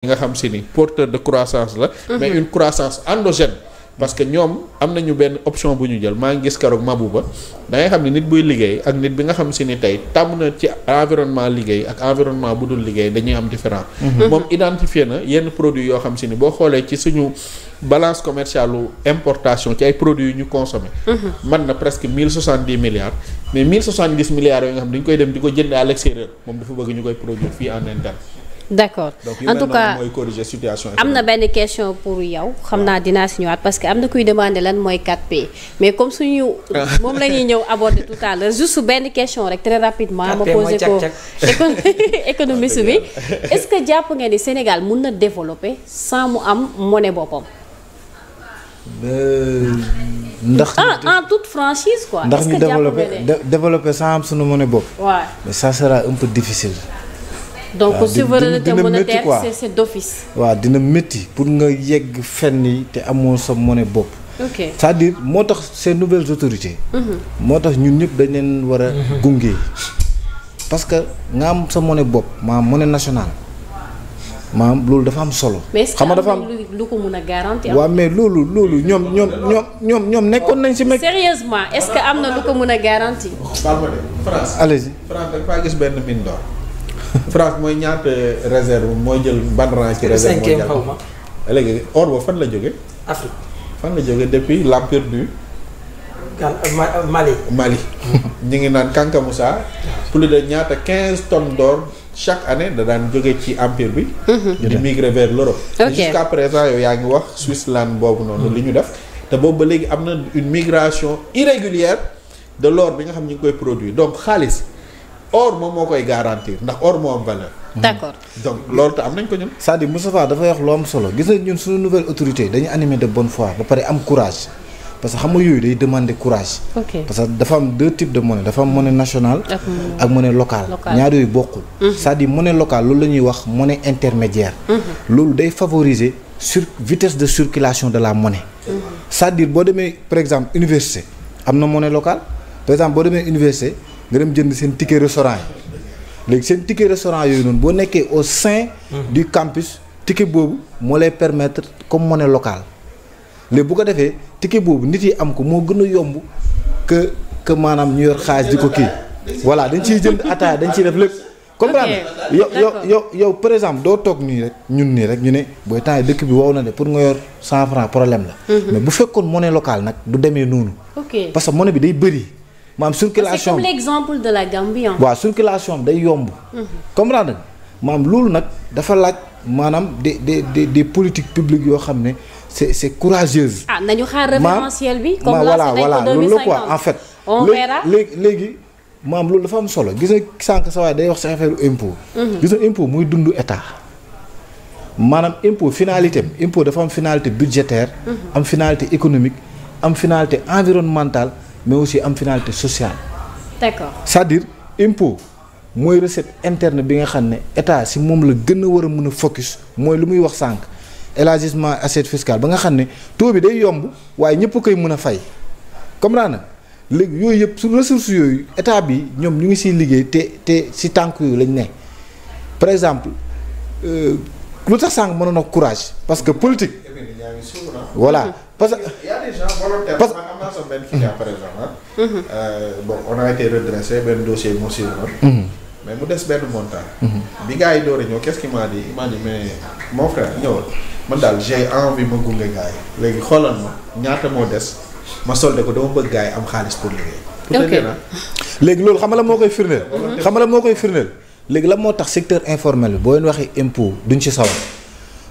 yi nga xam si ni porteur de croissance la. Mhm. mais une croissance endogène. parce que ñoom am nañu benn option bu ñu jël maa ngi gis keroog Mabouba da ngay xam ni nit buy liggéey ak nit bi nga xam si ni tey tàmm na ci environnement liggéey ak environnement bu dul liggéey dañuy am différent mhm. moom identifier na yenn produits yoo xam si ni boo xoolee ci suñu balance commerciale lu importation ci ay produits yu ñu consommé. Mhm. man na presque mille soixante dix milliards mais milliards yoo nga xam dañu koy dem di ko jënd à l'extérieur moom dafa bëgg ñu d' accord donc, en tout cas mooy corriger situation am na benn question pour yow xam naa dinaa si ñëwaat parce que am na kuy demande lan mooy 4P mais comme suñu moom la ñuy ñëw aborder tout à l'heure benn question rek très rapidement ma posé ko économiste bi est jàpp nga ni Sénégal mun na développer sans mu am monnaie boppam euh, ndax ah, en toute franchise quoi ndax ñu développer développer sans am suñu monnaie bopp mais ça sera un peu difficile donc souveraineté monétaire c'est d'office waaw dina métti pour nga yegg fen yi te amoo sa monnaie bopp ok cest moo tax ces nouvelle autorité mhm. moo tax ñun ñëpp dañ leen war a mhm. gunge parce que nga am sa monnaie bopp maanaam monnaie national maam loolu dafa am solo. xam nga dafa am lu ko mën a garantir. waaw mais loolu loolu ñoom ñoom ñoom ñoom ñoom nekkoon nañ si. mec sérieusement est-ce que am na lu ko mën a garantir. France allez-y France dañ faa France mooy ñaata réserve mooy jël ban ci réserve mondiale xaw ma léegi or ba fan la jóge Afrique fan la jóge depuis l'empire du Mali Mali ñu ngi naan Kanka Moussa plus de ñaata quinze tonnes d'or chaque année da daan jóge ci empire bi mhm. di migrer vers l'Europe jusqu'à présent yow yaa ngi wax Switzerland boobu noonu li ñu def te boobu ba léegi am na une migration irrégulière de l'or bi nga xam ñu ngi koy produire donc xaalis or moom moo koy garantir ndax or moo am valeur. Mm-hmm. d'accord donc loolu te am nañ ko ñun. c'est-à-dire dafay wax lu am solo gis nañ ñun suñu nouvelle autorité dañu animé de bonne foi ba pare am courage parce que xam nga yooyu day demander courage. ok parce que dafa am deux types de monnaie dafa am monnaie nationale. ak monnaie locale. ñaar yooyu bokkul. Mm-hmm. c'est-à-dire monnaie locale loolu la wax monnaie intermédiaire. Mm-hmm. loolu day favoriser sur vitesse de circulation de la monnaie. c'est-à-dire boo demee par exemple université am na monnaie locale par exemple boo demee université. nga dem jënd seen ticket restaurant yi léegi seen ticket restaurant yooyu noonu boo nekkee au sein mhm. du campus ticket boobu moo lay permettre comme monnaie local léegi bu ko defee ticket boobu nit yi am ko moo gën a yomb que que maanaam ñu yor xaalis di ko kii voilà dañ ciy jënd ataaya dañ ciy def lépp comprendre yow yow yow par exemple doo toog nii rek ñun nii rek ñu ne booy temps dëkk bi wow na de pour nga yor cent franc problème la mhm. mais bu fekkoon monnaie local nag du demee noonu maam circulation bi c'est comme l'exemple de la Gambie waaw circulation day yomb. Mhm. comprendre maam loolu nag dafa laaj maanaam de de des de politiques publiques yoo xam ne c'est c'est courageuse. ah nañu xaar référentiel bi. comme voilà voilà loolu la quoi en fait. on léegi léegi maam loolu dafa am solo gis nga sànq sa day wax sa affaire impôt. Mhm. gis nga impôt muy dund état. maanaam impôt finalité impôt dafa am finalité budgétaire. Mhm. am finalité économique am finalité environnementale. mais aussi am finalité sociale. d'accord c'est-à-dire impôt mooy recette interne bi nga xam ne état si moom la gën a war a mën a focus mooy lu muy wax sànq élargissement assiette fiscale ba nga xam ne taux bi day yomb waaye ñëpp koy mën a fay comprendre na léegi yooyu yëpp su ressources yooyu état bi ñoom ñu ngi siy liggéey te te si tànk yooyu lañ ne par exemple euh, lu tax sànq mënoon a courage parce que politique. voilà. parce que il y a des gens volontaires. Ah. Mhm. Euh, redressé benn dossier moo si woon mhm. mais mu des benn montant. Mhm. bi gars yi door a ñëw qu'est-ce qu'il m'a dit il m'a dit mais mon frère ñëwal man daal j'ai envie ma gunge gars yi léegi xoolal ma ñaata moo des ma soldé ko dama bëgg gars yi am xaalis pour liggéey. ok léegi loolu xam nga la moo koy firndeel. xam nga la moo koy firndeel léegi la moo tax secteur informel bi boo leen waxee impôt duñ ci sawar.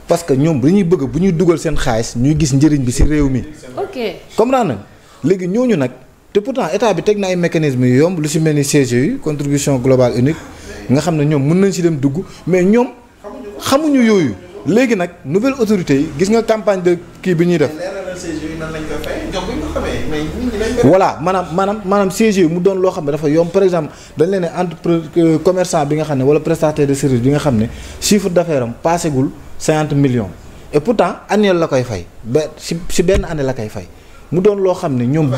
parce que ñoom ñuy bëgg bu ñuy dugal seen xaalis ñuy gis njëriñ bi ci réew mi. ok comprendre nga léegi ñooñu nag te pourtant état bi teg na ay mécanismes yu yomb lu ci mel ni CGU contribution globale unique nga xam ne ñoom mën nañ ci dem dugg mais ñoom xamuñu yooyu léegi nag nouvelle autorité gis nga campagne de kii bi ñuy def. voilà maanaam maanaam maanaam CGU mu doon loo xam ne dafa yomb par exemple dañ leen ne entrepreneur bi nga xam ne wala prestataire de service bi nga xam ne chiffre d'affaires am paasegul cinquante millions et pourtant annuel la koy fay ba si benn année la koy fay mu doon loo xam ne ñoom.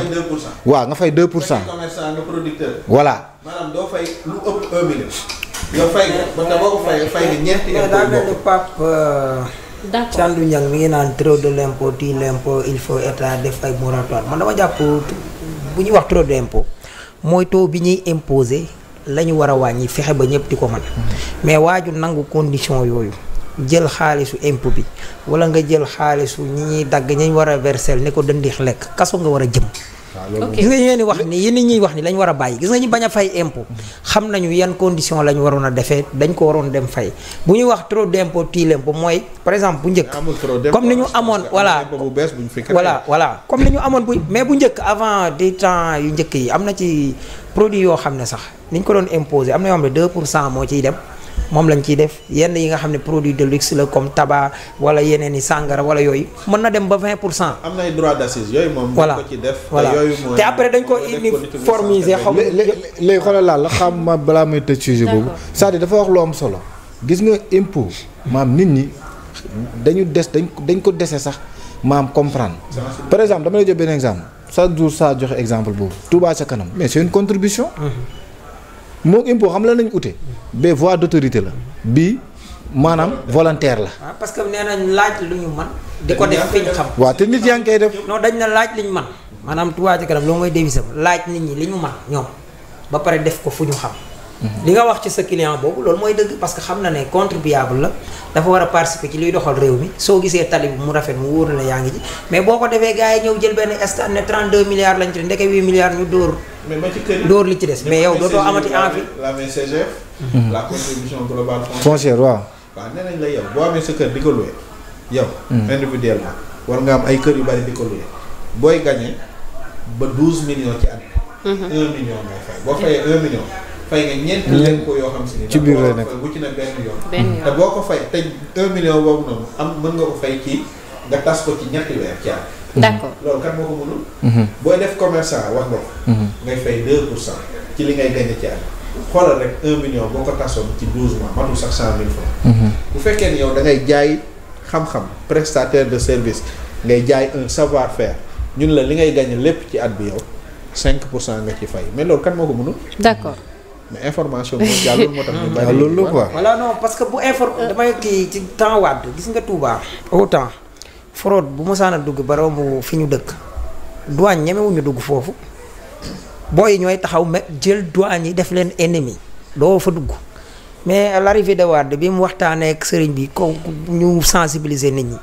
waa nga fay 2 pour cent. commerçant nga voilà maanaam doo lu ëpp euh, mi ngi naan trop de l'impôt ti l'impôt il faut def ay moratoire man dama jàpp bu ñuy wax trop de impôt mooy taux bi ñuy imposer la ñu war a wàññi fexe ba ñëpp di ko mën mm-hmm. mais waaju nangu condition yooyu. jël xaalisu impôt bi wala nga jël xaalisu ñi ñuy dagg ñañ war a verser ne ko dëndix lekk kaso nga war a jëm. gis nga ñu wax ni yi nit ñuy wax ni lañ war a bàyyi gis nga ñu bañ a fay impôt xam nañu yan condition lañ waroon a defee dañ ko waroon dem fay bu ñu wax trop d'impôt tii l'impôt mooy par exemple bu njëkk comme ni ñu amoon voilà voilà voilà comme ni ñu amoon bu mais bu njëkk avant des temps yu njëkk yi am na ci produit yoo xam ne sax niñ ko doon imposer am na xam ne 2 pour cent moo ciy dem moom lañ ciy def yenn yi nga xam ne produit de luxe la comme tabac wala yeneen i sàngara wala yooyu mën na dem ba vingt pour cent. am na ay moom. voilà ko ci def voilà te après dañ ko uniformiser. xaw ma léegi xoolal laal la xam ma balaa muy tëj sujet boobu. cest à dafa wax lu am solo. gis nga impôt maam nit ñi dañu des dañ dañ ko dese sax maam comprendre. par exemple damay lay jox benn exemple chaque jour saa joxe exemple boobu. Touba ca kanam mais c'est contribution. Mm-hmm. moog impôt xam la nañ ute ba voie d'autorité la bii maanaam volontaire la. waaw ah, parce que nee nañ laaj lu ñu man di ko def fi ñu xam. waaw te nit yaa ngi koy def. non dañ na laaj li ñu mën maanaam Touba Ca Kanam loolu mooy devise laaj nit ñi li ñu mën ñoom ba pare def ko fu ñu xam. li nga wax ci sa client boobu loolu mooy dëgg parce que xam na ne contribuable la dafa war a participer ci liy doxal réew mi soo gisee tali bi mu rafet mu wóor la yaa ngi ci mais boo ko defee gars yi ñëw jël benn instant ne 32 milliards lañ ci def ndeke 8 milliards ñu dóor. mais dóor li ci des mais yow dootoo amati envie. la mhm. la contribution globale foncière waaw. waaw nee nañ la yow boo amee sa kër di ko loué yow. Mhm. individuellement war nga am ay kër yu bari di ko loué booy gagné ba 12 million ci at. 1 mhm. million. fay nga ñeenti impôt yoo xam si ni. ci biir lay te boo ko fay te 1 million boobu noonu am mën nga ko fay ci nga tas ko ci ñetti weer ci at. d'accord loolu kan moo ko mënul. Mhm. booy def commerçant wax nga ko. Mhm. ngay ci li ngay gagné ci at. xoolal rek 1 million boo ko ci 12 mois matul sax 100000 francs. Mhm. bu fekkee ni yow da ngay jaay xam-xam prestataire de service ngay jaay un savoir faire ñun la li ngay gagné lépp ci at bi yow 5 pour cent nga ci fay mais loolu kan moo ko mënul. d'accord. mais information moom jàllul moo tax ñu bari loolu quoi voilà non parce que bu inform euh. damay kii ci temps wàdd gis nga Touba. autant fraude bu mosaan a dugg ba romb fi ñu dëkk douane ñemewuñu dugg foofu booy ñooy taxaw mais jël douane yi def leen ennemi doo fa dugg mais à l'arrivée de Wade bi mu waxtaanee ak sëriñ bi kow ñu sensibiliser nit ñi.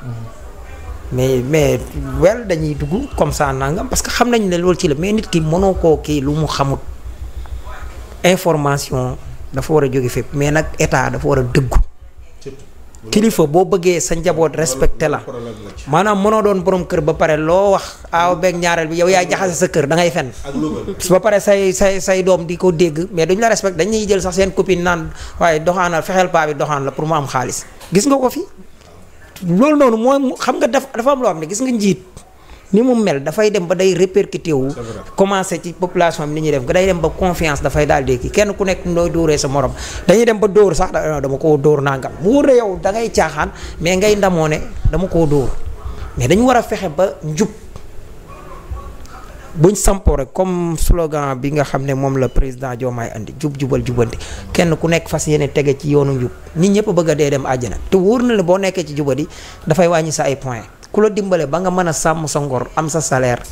mais mais wel dañuy dugg comme ça nangam parce que xam nañ ne loolu ci la mais nit ki mënoo koo kii lu mu xamut. information dafa war a jóge fépp mais nag état dafa war a dëggu kilifa boo bëggee sa njaboot respecté la maanaam mënoo doon borom kër ba pare loo wax aaw beeg ñaareel bi yow yaa jaxase sa kër da ngay fen ba pare say say say doom di ko dégg mais duñ la respecte dañuy jël sax seen copine naan waaye doxaanal fexeel paa bi doxaan la pour mu am xaalis gis nga ko fi loolu noonu moo xam nga dafa dafa am loo xam ne gis nga njiit ni mu mel dafay dem ba day répercuté wu commencé ci population bi ni ñuy def day dem ba confiance dafay daal di kenn ku nekk nooy dóoree sa morom dañuy dem ba dóor sax dama koo dóor nangam wóor yow da ngay mais ngay ndamoo ne dama koo dóor mais dañu war a fexe ba njub buñ sampoo rek comme slogan bi nga xam ne moom la président Diomaye andi jub jubal jubanti kenn ku nekk fas yéene tege ci yoonu njub nit ñëpp bëgg dee dem àjjana te wóor na la boo nekkee ci yi dafay wàññi sa ay point ku la dimbale ba nga mën a sàmm sa ngor am sa salaire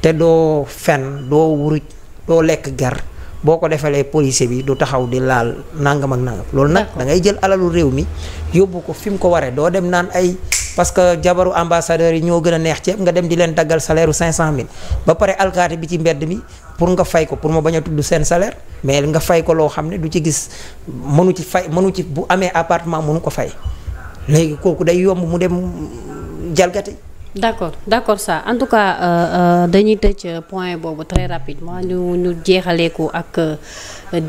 te doo fen doo wuruj doo lekk gar boo ko defalee policier bi du taxaw di laal nangam ak nangam loolu nag da ngay jël alalu réew mi yóbbu ko fi mu ko waree doo dem naan ay parce que jabaru ambassadeur yi ñoo gën a neex ceeb nga dem di leen daggal salaire u 500000 ba pare alkaati bi ci mbedd mi pour nga fay ko pour ma bañ a tudd seen salaire mais nga fay ko loo xam ne du ci gis mënu ci fay mënu ci bu amee appartement mënu ko fay jalgati. d' accord d' accord ça en tout cas euh, euh, dañuy tëj euh, point boobu très rapidement ñu ñu jeexalee ko ak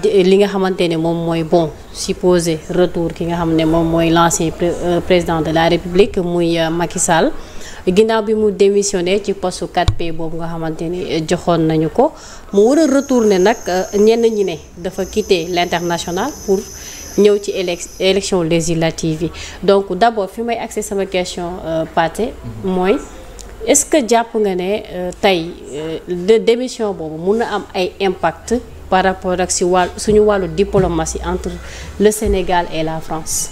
li nga xamante ne moom mooy bon supposé retour ki nga xam ne moom mooy l' ancien président de la république muy Macky Sall ginnaaw bi mu démissionné ci poste 4P boobu nga xamante ni joxoon nañu ko mu war a retourné nag ñenn ñi ne dafa quitté l' pour. ñëw ci élection législative yi donc d' abord fi may accès sama question euh, Pathé mhm. mooy est-ce que jàpp nga ne euh, tey euh, de démission boobu mun na am ay impact par rapport ak si wàll suñu wàllu diplomatie entre le Sénégal et la France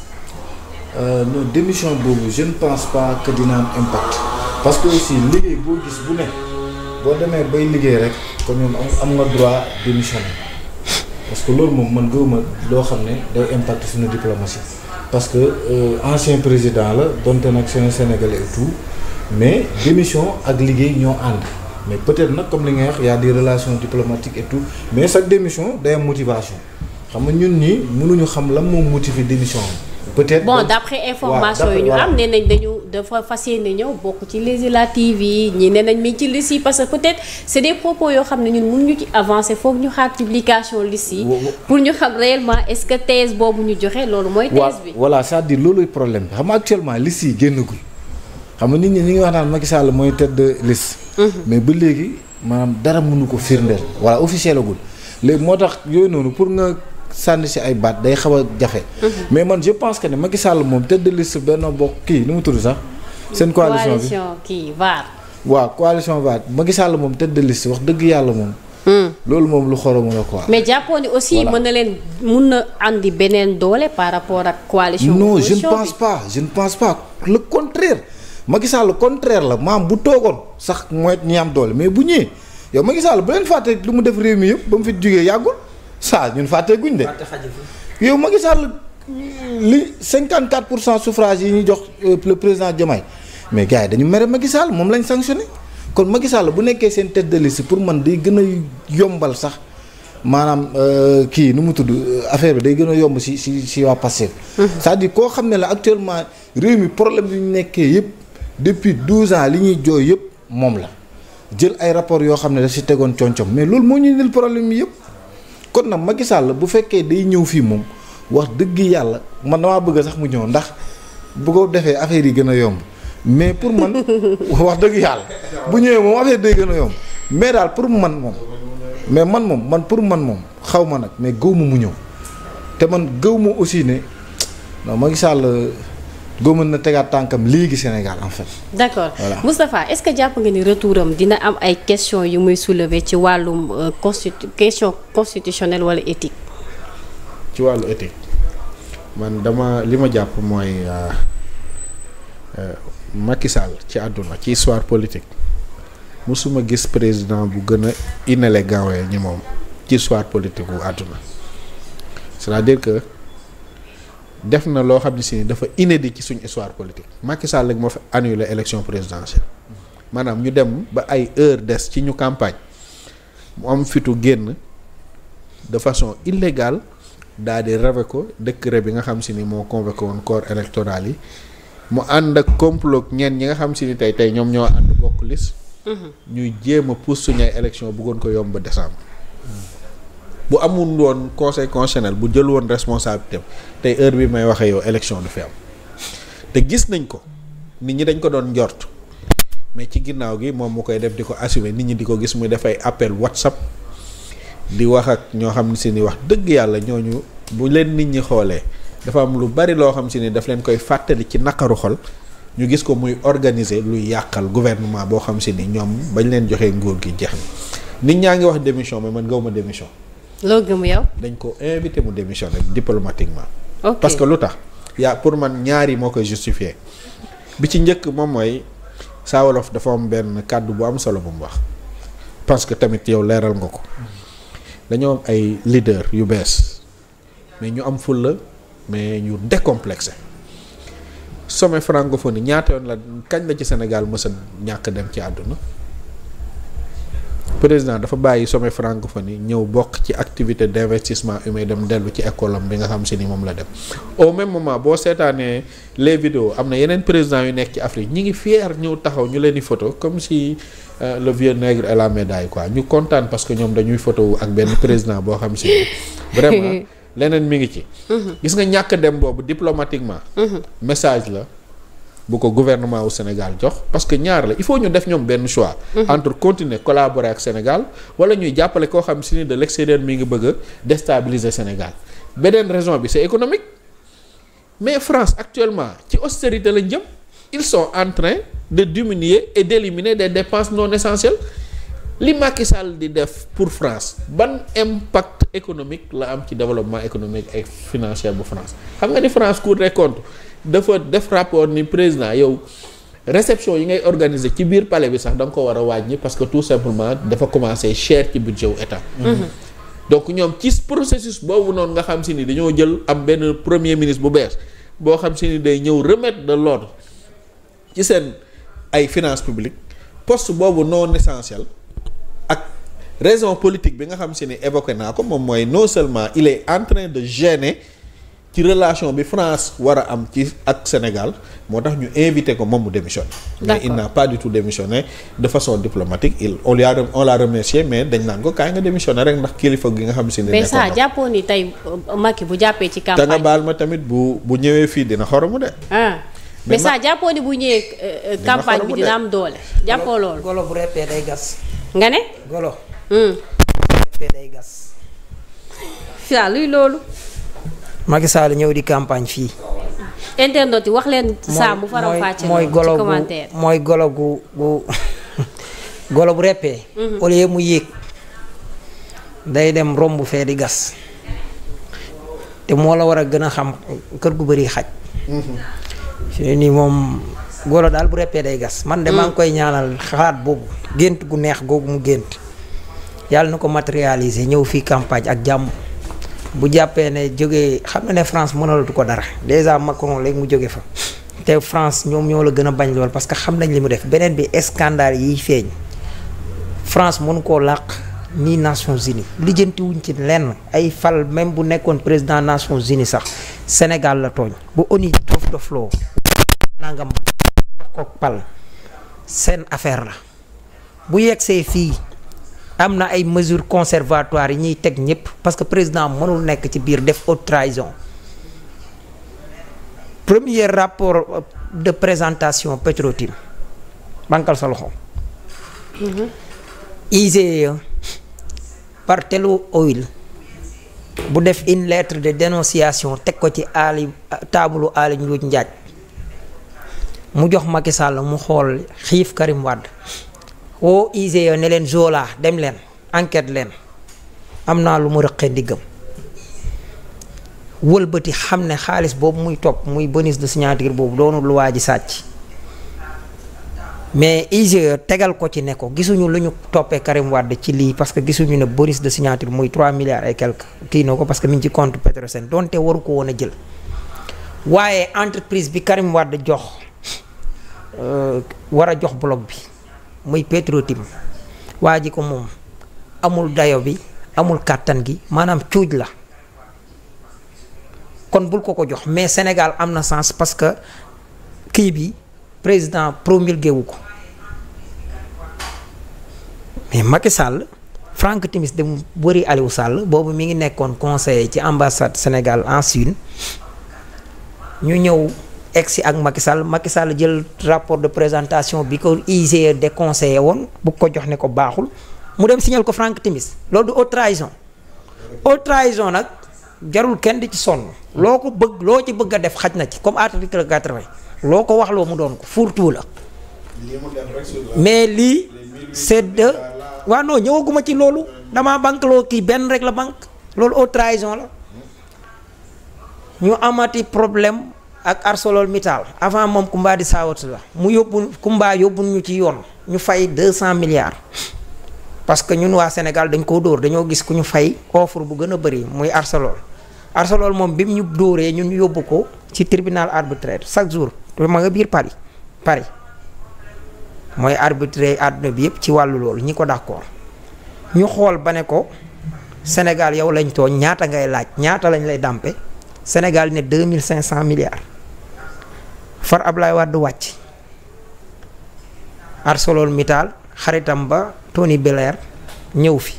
euh, non boobu je ne pense pas que dina am impact parce que aussi liggéey boo gis bu ne boo demee bay liggéey rek comme ñoom am nga droit démissionner parce que loolu moom man gëwuma loo xam ne day impact suñu diplomatie parce que euh, ancien président la donte nag seen Sénégalais et mais démission ak liggéey ñoo ànd mais peut-être nag comme li nga wax y a relation relations diplomatiques et tout mais chaque démission day am motivation xam nga ñun ñii mënuñu xam lan moom motiver démission am peut-être bon d'après information ñu am nee nañ dañu dafa fas yéene ñëw bokk ci législative yi ñi ne nañ ci liste yi parce peut-être c'est des propos yoo xam ne ñun mënuñu ci avancer foog ñu xaar publication liste yi. pour ñu xam réellement est-ce que thèse boobu ñu joxe loolu mooy. thèse bi voilà c'est-à-dire looluy problème bi xam nga actuellement liste yi génnagul xam nit ñi ñu ngi wax naan Macky Sall mooy tête de liste. Mhm. mais ba léegi maanaam dara mënu ko firndeel. voilà officiel agul léegi moo tax yooyu noonu sànni si ay baat day xaw a jafe. Mhm. mais man je pense que ne Macky Sall moom tête de liste Benno Bokk kii nu mu tudd sax. seen coalition bi kii VAR. waaw coalition VAR Macky Sall moom tête de liste wax dëgg yàlla moom. Hmm. loolu moom lu xoromu la quoi. mais jàppoon ni aussi mën na leen mun na andi beneen doole par rapport ak. coalition non je ne pense pas je ne pense pas le contraire Macky contraire la maam bu toogoon sax mooy ñi am doole mais bu ñëwee yow Macky Sall bu leen fàtte lu mu def réew mi yëpp ba mu fi jugee yàggul. saa ñun fàtte guñ de. yow Macky Sall li quatre pour cent suffrage yi ñu jox euh, le président Diomaye mais gars dañu mere Macky Sall moom lañ sanctionné kon Macky Sall bu nekkee seen tête si pour man day gën a yombal sax maanaam euh, kii nu mu tudd euh, affaire bi day gën a yomb si si si waa Pastef. Mhm. c'est-à-dire koo xam ne la actuellement réew mi problème yu ñu nekkee yëpp depuis 12 ans li ñuy jooy yëpp moom la jël ay rapport yoo xam ne daf si tegoon concom mais loolu moo ñu problème yi yëpp. kon nag Macky Sall bu fekkee day ñëw fii moom wax dëgg yàlla man damaa bëgg sax mu ñëw ndax bu ko defee affaire yi gën a yomb mais pour man wax dëgg yàlla bu ñëwee moom affaire day gën a yomb mais daal pour man moom mais man moom man pour man moom xaw ma nag mais gëw ma mu ñëw te man gëw ma aussi ne non góoboon na tegaat tànkam léegi Sénégal en fait. d' accord voilà. Moustapha est ce que jàpp nga ni retour am dina am ay questions yu muy soulever ci wàllu euh, constitu question constitutionnelle wala éthique. ci wàllu éthique man dama li ma jàpp mooy euh, euh, Macky ci àdduna ci histoire politique musuma gis président bu gën a inélégant ñi moom ci histoire politique wu àdduna cest à que. def na loo xam ne si dafa inédit ci suñu histoire politique Macky Sall moo fi annulé élection présidentielle maanaam ñu dem ba ay heure des ci ñu campagne mu am fitu génn de façon illégale daal di reve ko décret bi nga xam si ni moo convoqué woon corps électoral yi mu ànd ak complot ñenn ñi nga xam si ni tey tey ñoom ñoo ànd bokk liste mhm. ñuy jéem a pousse suñu ay élection bëggoon ko yomb décembre bu amul woon conseil constitutionnel bu jël woon responsabilité tey heure bi may waxee yow élection du fi am te gis nañ ko nit ñi dañ ko doon njort mais ci ginnaaw gi moom mu koy def di ko assumer nit ñi di ko gis muy def ay appel WhatsApp di wax ak ñoo xam ne ni wax dëgg yàlla ñooñu bu leen nit ñi xoolee dafa am lu bari loo xam si ni daf leen koy fàttali ci naqaru xol ñu gis ko muy organiser luy yàqal guvernement boo xam si ni ñoom bañ leen joxe nguur gi jeex na nit ñaa ngi wax démission mais man gawma démission loo gëm yow. dañ ko invité mu démissionner diplomatiquement. Okay. parce que lu tax yaa pour man ñaari yi moo koy justifier bi ci njëkk moom mooy Saa Wolof dafa am benn kàddu bu am solo bu mu wax. parce que tamit yow leeral nga ko dañoo am ay leader yu bees mais ñu am fulla mais ñu décomplexé sommet francophone ñaata yoon la kañ la ci Sénégal mës ñàkk dem ci àdduna. président dafa bàyyi sommet francophonie ñëw bokk ci activité d' investissement may dem dellu ci école am bi nga xam si ni moom la dem au même moment boo seetaanee le vidéos am na yeneen président yu nekk ci Afrique ñi ngi fier ñëw taxaw ñu leen di photo comme si euh, le vieux nègre et la médaille quoi ñu kontaan parce que ñoom dañuy photo ak benn président boo xam si vraiment leneen mi ngi ci mhm. gis nga ñàkk dem boobu diplomatiquement mhm. message la bu ko gouvernement wu Sénégal jox parce que ñaar la il faut ñu def ñoom benn choix. Mhm. entre continuer collaborer ak Sénégal wala ñuy jàppale koo xam si ni de l'extérieur mi ngi bëgg a Sénégal beneen raison bi c'est économique mais France actuellement ci austérité lañ jëm ils sont en de diminuer et d'éliminer des dépenses non essentielles. li Macky Sall di def pour France ban impact économique la am ci développement économique et financier bu France xam nga ni France Cour des comptes dafa def rapport ni président yow réception yi ngay organiser ci biir pale bi sax da nga ko war a wàññi parce que tout simplement dafa commencé cher ci budget wu état. Mhm. donc ñoom ci processus boobu noonu nga xam si ni dañoo jël am benn premier ministre bu bees boo xam si ni day ñëw remettre de l'ordre ci seen ay finances publiques poste boobu non essentiel. raison politique bi nga xam si ne évoqué naa ko moom mooy non seulement il est en train de gêner ci relation bi France war a am ci ak Sénégal moo tax ñu invité ko moom mu démissionné. mais il n'a pas du tout démissionné de façon diplomatique il on l'a remercié mais dañ naan ko kaay nga démissionné rek ndax kilifa gi nga xam si ne. mais ça jàppoon ni tey euh, Macky bu jàppee ci campagne. da nga baal ma tamit bu bu ñëwee fii dina xoromu de. Ah. mais ça jàppoo n bu ñëwee. Euh, euh, campagne bi dina am golo bu reppee day gas. nga ne golo. Hmm. fee day gas fia loolu Macky Sall ñëw di campagne fii internet yi wax leen saa mu faram fàcce mooy golo gu mooy golo gu gu golo bu reppee mhm. au lieu mu yéeg day dem romb fee di gas te moo la war a gën a xam kër gu bari xaj mhm. fii nii moom golo daal bu reppee day gas man de mhm. maa ngi koy ñaanal xalaat boobu gént gu neex googu mu gént yàlla na ko matérialiser ñëw fii campagne ak jàmm bu jàppee ne jógee xam ne France mënalatu ko dara déjà Macron léegi mu jóge fa te France ñoom ñoo la gën a bañ lool parce que xam nañ li mu def beneen bi scandale yiy feeñ France mënu ko làq ni Nations Unies lijjantiwuñ ci lenn ay fal même bu nekkoon président Nations Unies sax Sénégal la tooñ bu ONU dof dof loo nangam kook pal seen affaire la bu yegsee fii am na ay mesures conservatoires yi ñuy teg ñëpp parce que président mënul nekk ci biir def haute trahison premier rapport euh, de présentation Petro-Tim bankal sa loxo mm-hmm. IGE Barthélémy Oil bu def une lettre de dénonciation teg ko ci aali taabulu aali njuuj njaaj mu jox Macky Sall mu xool xiif Karim Wade woo ISE ne leen Jola dem leen enquête leen am naa lu mu rëqee ndiggam wëlbati xam ne xaalis boobu muy topp muy bonus de signature boobu doonul lu waa ji sàcc mais IGE tegal ko ci ne ko gisuñu lu ñu toppee Karim Wade ci lii parce que gisuñu ne bonus de signature muy 3 milliards et quelque kii na ko parce que mi ngi ci compte Petrosen donte waru ko woon a jël waaye entreprise bi Karim Wade jox euh, war a jox bloc bi. muy Petro-Tim waa ji ko moom amul dayo bi amul kàttan gi maanaam cuuj la kon bul ko ko jox mais Sénégal am na sens parce que kii bi président promulgué géewu ko mais Macky Sall Franck Timis dem bëri Aliou sàll boobu mi ngi nekkoon conseiller ci ambassade Sénégal en Chine ñu ñëw. egsi ak Macky Sall Macky Sall jël rapport de présentation bi ko IGE déconseillé woon bu ko jox ne ko baaxul mu dem signal ko Franck Timis loolu du haute trahison haute trahison nag jarul kenn di ci sonn loo ko bëgg loo ci bëgg a def xaj na ci comme at 80 loo ko wax loo mu doon ko fourre la mais lii c'est de waaw non ñëwaguma ci loolu dama banque loo kii benn rek la banque loolu haute trahison la ñu amati problème ak ArcelorMittal avant moom Kumba di saawatu la mu yóbbu Kumba yóbbu ñu ci yoon ñu fay deux cent milliards parce que ñun waa Sénégal dañ koo dóor dañoo gis ku ñu fay offre bu gën a bëri muy Arcelor Arcelor moom bi mu ñu dóoree ñu yóbbu ko ci tribunal arbitraire chaque jour ma nga biir Paris Paris mooy arbitré àdduna bi yëpp ci wàllu loolu ñi ko d'accord ñu xool ba ne ko Sénégal yow lañ tooñ ñaata ngay laaj ñaata lañ lay dàmpe Sénégal ne deux mille cinq cent milliards far Ablaye Wade wàcc ArcelorMittal xaritam ba Tony Blair ñëw fi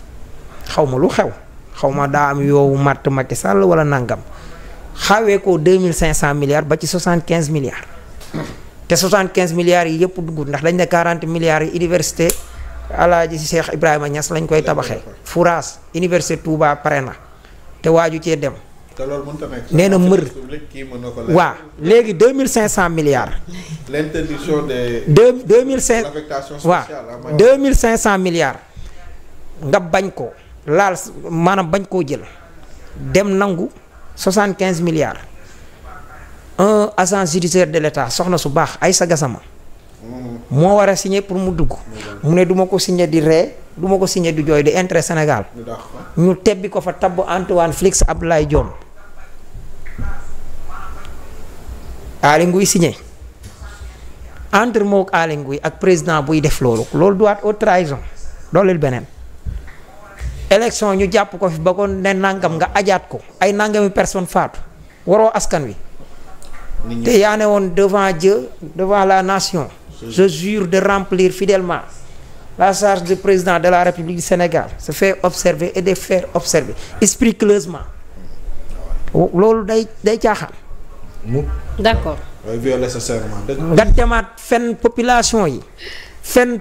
xaw ma lu xew xaw ma daa am yoowu matt Macky Sall wala nangam xawee ko deux mille cinq cent milliards ba ci soixante quinze milliards te soixante quinze milliards yi yëpp duggut ndax dañ ne quarante milliards yi université Alaaji Cheikh Ibrahima ñas lañ koy tabaxee. Fouras université Touba pare na te waaju cee dem. te loolu mënut a nee na mër waa léegi deux mille cinq cent milliards. l' mille cinq. l'affectation mille cinq cent milliards. nga bañ ko laal maanaam bañ koo jël dem nangu soixante quinze milliards un agent judiciaire de l' soxna su baax Aïssa Gassama moo war a signé pour mu dugg. mu ne duma ko signé di ree du ma ko signé di jooy di intérêt Sénégal. ñu tebbi ko fa tabb Antoine ab Abdoulaye Diome. Aly Ngouille entre moo ak Aly ak président buy def loolu loolu doit haute trahison dooleel beneen élection ñu jàpp ko fi ba ko ne nangam nga ajaat ko ay nangami personne faatu waroo askan wi te yaa ne woon devant Dieu devant la nation je jure de remplir fidèlement la charge du président de la République du Sénégal se fait observer et de faire observer scrupuleusement loolu day day caaxaan mu. d' accord. mooy violer sa serment dëgg nga demaat fenn population yi. fen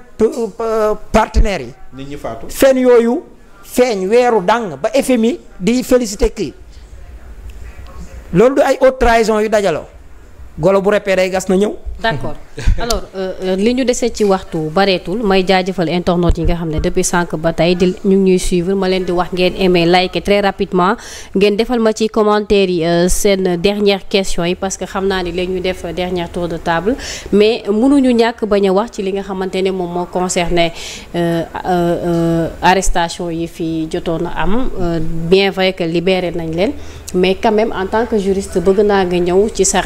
partenaires yi. nit ñi faatu. yooyu feeñ weeru dàng ba mi di félicité kii loolu du ay haute trahison yu dajaloo. golo bu reppee day gas na ñëw. d'accord alors euh, euh, li ñu desee ci waxtu bareetul may jaajëfal internautes yi nga xam ne depuis sànq ba tey di ñu ngi ñuy suivre ma leen di wax ngeen aimé like très rapidement ngeen defal ma ci commentaire yi euh, seen dernière question yi parce que xam naa ni léegi ñu def dernière tour de table mais mënuñu ñàkk ba a wax ci li nga xamante ne moom moo concerné arrestation yi fi jotoon na am bien vrai que libéré nañ leen mais quand même en tant que juriste bëgg naa nga ñëw ci sa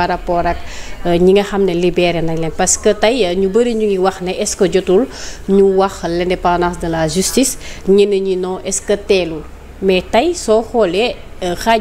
par rapport ak euh, ñi xam ne libéré nañ parce que tey euh, ñu bëri ñu ngi wax ne est-ce que jotul ñu wax l'indépendance de la justice ñeneen ñi non est-ce que teelul mais tey soo xoolee euh, xaaj